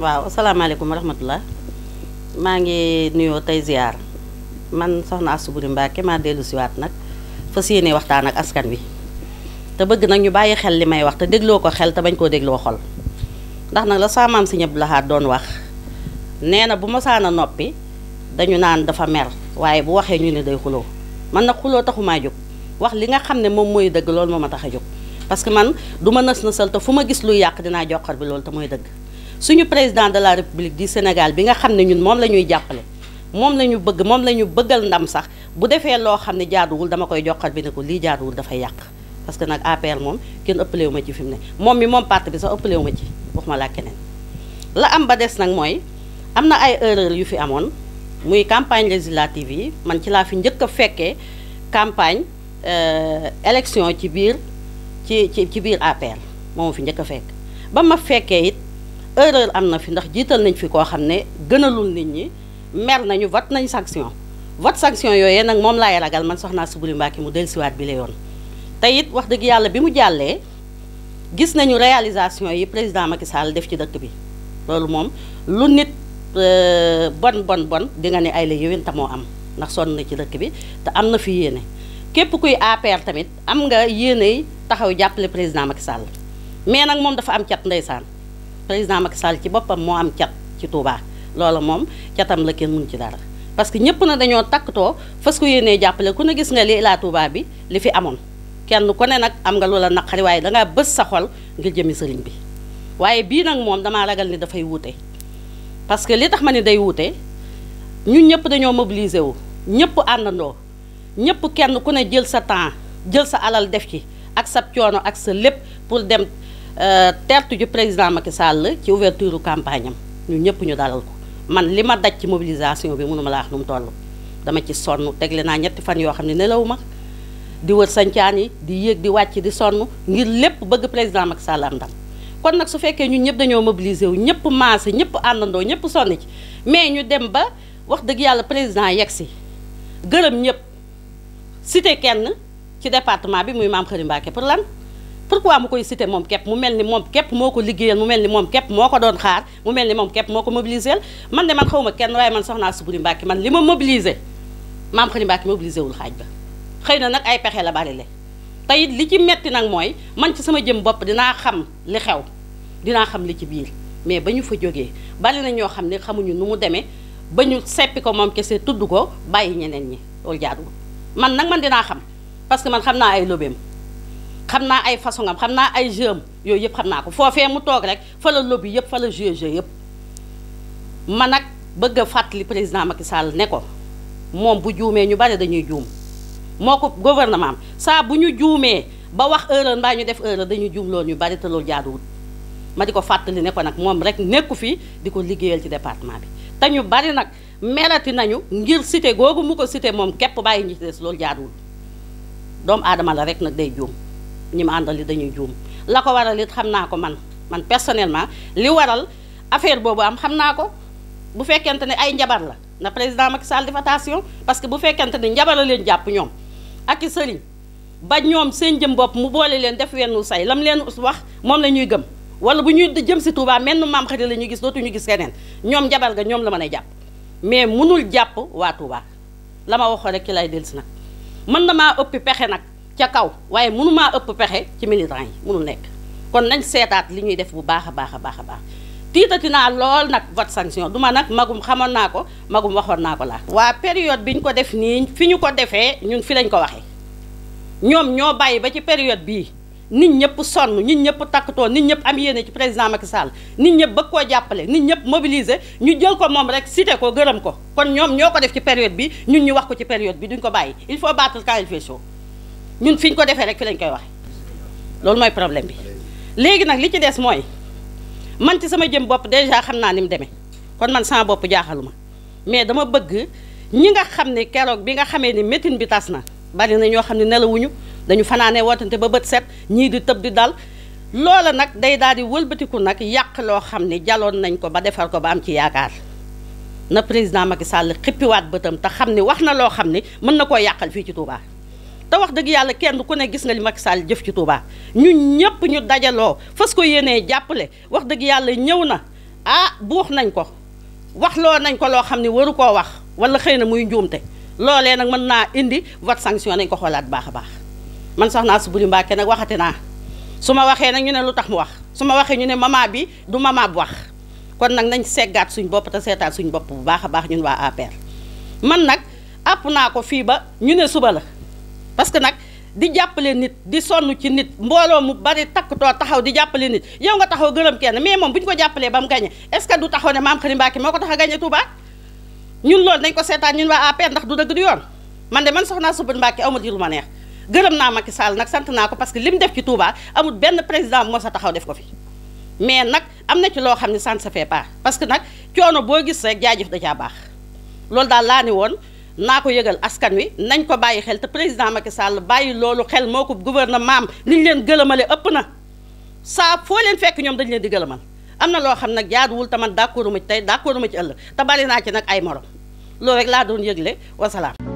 waaw asalaamaaleykum warahmatullah. Mangi maa ngi nuyoo tey ziar man soxna Astou Boury Mbacké maa dellu siwaat nag fas yéene waxtaan ak askan wi te bëgg nag ñu bàyyi xel li may wax te dégloo ko xel te bañ koo dégloo xol ndax nag la saamaam si ñëpp laxaat doon wax nee na bu noppi dañu naan dafa mer waaye bu waxee ñu ne day xuloo man nag xuloo taxumaa jóg wax li nga ne moom mooy dëgg loolu moo ma tax a jóg parce nasal te fu ma gis luy yàq dinaa joxar bi loolu suñu président de la république di Sénégal bi nga xam ne ñun moom lañuy ñuy jàppale moom la ñu bëgg moom la ñu bëggal ndam sax bu defee loo xam ne jaaduwul dama koy joxal bi ne ko lii jaaduwul dafa yàq parce que nag APR moom kenn ëppalewu ma ci fi ne moom mi moom part bi sax ëppalewu ma ci waxuma laa keneen la am ba des nag mooy am na ay erreur yu fi amoon muy campagne législative yi man ci laa fi njëkk a fekkee campagne euh, élection ci biir ci ci ci biir APR moom fi njëkk a fekk ba ma fekkee it erreur am na fi ndax jiital nañ fi koo xam ne gënalul nit ñi mer nañu vote nañ sanction vote sanction yooyee nag moom laay ragal man soxnaa Soubouly Mbacké mu siwaat bi la yoon te it wax dëgg yàlla bi mu jàllee gis nañu réalisation yi président Macky Sall def ci dëkk bi loolu moom lu nit euh, bon bon bon di nga ne ay la yéwén te moo am ndax sonn na ci dëkk bi te am na fi yéene képp kuy APR tamit am nga yéeney taxaw jàppale président Macky Sall mais nag moom dafa am cat ndeysaan président Macky Sall ci boppam moo am cat ci Touba loola moom catam la kenn mun ci dara parce que ñëpp na dañoo takktoo fas ko yéenee jàppale ku ne gis nga lii laa Touba bi li fi amoon kenn ku ne nag am nga loola naqari waaye dangaa bës sa xol ngir jëmi sëriñ bi waaye bii nag moom damaa ragal ni dafay wuute parce que li tax ma ne day wuute ñun ñëpp dañoo mobiliser wu ñëpp àndandoo ñëpp kenn ku ne jël sa temps jël sa alal def ci ak sa coono ak sa lépp pour dem Eh, tertu ji président Macky Sall ci ouverture campagne am ñun ñëpp ñu dalal ko man li que daj ci mobilisation bi mënuma la wax nu mu toll dama ci sonn tegle naa ñetti fan yoo xam a nelawu ma di wër sancaan yi di yéeg di wàcc di sonn ngir lépp bëgg président Macky Sall am ndam kon nag su fekkee ñun ñëpp dañoo mobiliser wu ñëpp maase ñëpp àndandoo ñëpp sonn ci mais ñu dem ba wax dëgg yàlla président yegg si ñëpp cité kenn ci département bi muy maam Xarim Mbacké pour lan pourquoi je koy cité mon cap mu qui mon cap, je suis mu cap, je suis xaar mu cap, mobilisé man ma man mobilisé Je mobilisé Je ay mobilisé. la bari un homme li ci metti Je man ci xam li ci mais bañu fa joggé na ñoo xamuñu numu démé bañu séppi ko ko ñeneen ñi man man xam parce que man xamna ay lobem xam naa ay façon am xam naa ay jeu am yooyu yëpp xam naa ko foofee mu toog rek fa la lobby yëpp fa la jeu jeu ma nag bëgg a fàttali président Macky Sall ne ko moom bu juumee ñu bari dañuy juum moo ko gouvernement am saa bu ñu juumee ba wax erreur mbaa ñu def erreur dañuy juum loolu ñu bari te loolu jaaduwut ma di ko fàttali ne ko nag moom rek nekku fii di ko liggéeyal ci département bi te ñu bari nag meleti nañu ngir site googu mu ko cité moom képp bàyyi ñi loolu jaaduwul doomu aadama la rek nag day juum ñi ma àndal li dañuy juum la ko waral it xam naa ko man man personnellement li waral affaire boobu am xam naa ko bu fekkente ne ay njabar la na président Macky Sall def attention parce que bu fekkente ne njabar la leen jàpp ñoom ak i sëriñ ba ñoom seen jëm bopp mu boole leen def wenn say lam leen wax moom la ñuy gëm wala bu ñuy jëm si Touba menn maam xarit la ñuy gis ñu gis seneen ñoom njabar ga ñoom la mën a jàpp mais mënul jàpp waa Touba la ma waxoon rek ki lay dellusi nag mën na maa ëppi pexe nag ca kaw waaye mënumaa ëpp pexe ci militant yi mënul nekk kon nañ seetaat li ñuy def bu baax a baax a baax a baax tiitati naa lool nag vote sanction du ma nag magum xamoon naa ko magum waxoon naa ko laa waa période bi ñu ko def nii fi ñu ko defee ñun fi lañ ko waxee ñoom ñoo bàyyi ba ci période bii nit ñëpp sonn nit ñëpp takkatoo nit ñëpp am yéene ci président Macky Sall nit ñëpp bëgg koo jàppale nit ñëpp mobiliser ñu jël ko moom rek cité ko gërëm ko kon ñoom ñoo ko def ci période bi ñun ñu wax ko ci période bi duñ ko bàyyi il faut battre quand il fait ñun fi ñu ko defee rek fi lañ koy wax loolu mooy problème bi léegi nag li ci des mooy man ci sama jëm bopp déjà xam naa ni mu demee kon man sama bopp jaaxalu ma mais dama bëgg ñi nga xam ne keroog bi nga xamee ni métine bi tas na bari na ñoo xam ne nelawuñu dañu fanaanee wootante ba bët set ñii di tëb di dal loola nag day daal di wëlbatiku nag yàq loo xam ne jaloon nañ ko ba defar ko ba am ci yaakaar na président Macky Sall xippiwaat bëtam te xam ne wax na loo xam ne mën na koo yàqal fii ci Touba. te wax dëgg yàlla kenn ku ne gis nga li Macky Sall jëf ci Touba ñu ñëpp ñu dajaloo fas ko yéenee jàppale wax dëgg yàlla ñëw na ah buux nañ ko wax loo nañ ko loo xam ne waru ko wax wala xëy na muy njuumte loolee nag mën naa indi vote sanction nañ ko xoolaat baax a baax man soxnaa su buri Mbàkke nag waxati naa su ma waxee nag ñu ne lu tax mu wax su ma waxee ñu ne mamaa bi du mama bu wax kon nag nañ seggaat suñ bopp te seetaat suñ bopp bu baax a baax ñun waa APR man nag àpp naa ko fii ba ñu ne suba la parce que nag di jàppale nit di sonn ci nit mbooloo mu bari takktoo taxaw di jàppale nit yow nga taxaw gërëm kenn mais moom bu ñu ko jàppalee ba mu gañe est-ce que du taxaw ne maam Xarim Mbacke moo ko tax a gañe Touba ñun loolu dañ ko seetaan ñun waa APR ndax du dëgg du yoon man de man soxnaa Soubène Mbacke aw ma di lu neex gërëm naa Macky Sall nag sant naa ko parce que li mu def ci Touba amul benn président bu moo sa taxaw def ko fi mais nag am na ci loo xam ne ça ne se fait pas que nag coono boo gis rek jaajëf da caa baax loolu daal laa woon naa ko yëgal askan wi nañ ko bàyyi xel te président Macky sàll bàyyi loolu xel moo ko gouvernement li ñu leen gëlëmale ëpp na saa foo leen fekk ñoom dañ leen di gëlëmal am na loo xam nag jaaduwul te man d'accord ma ci tey d'accord ma ci ëllëg te bari naa ci nag ay morom loolu rek laa doon yëgle wasalaam